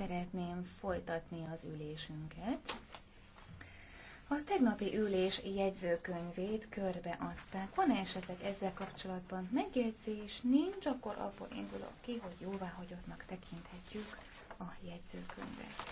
szeretném folytatni az ülésünket. A tegnapi ülés jegyzőkönyvét körbeadták. Van-e esetleg ezzel kapcsolatban megjegyzés? Nincs, akkor abból indulok ki, hogy jóváhagyottnak tekinthetjük a jegyzőkönyvet.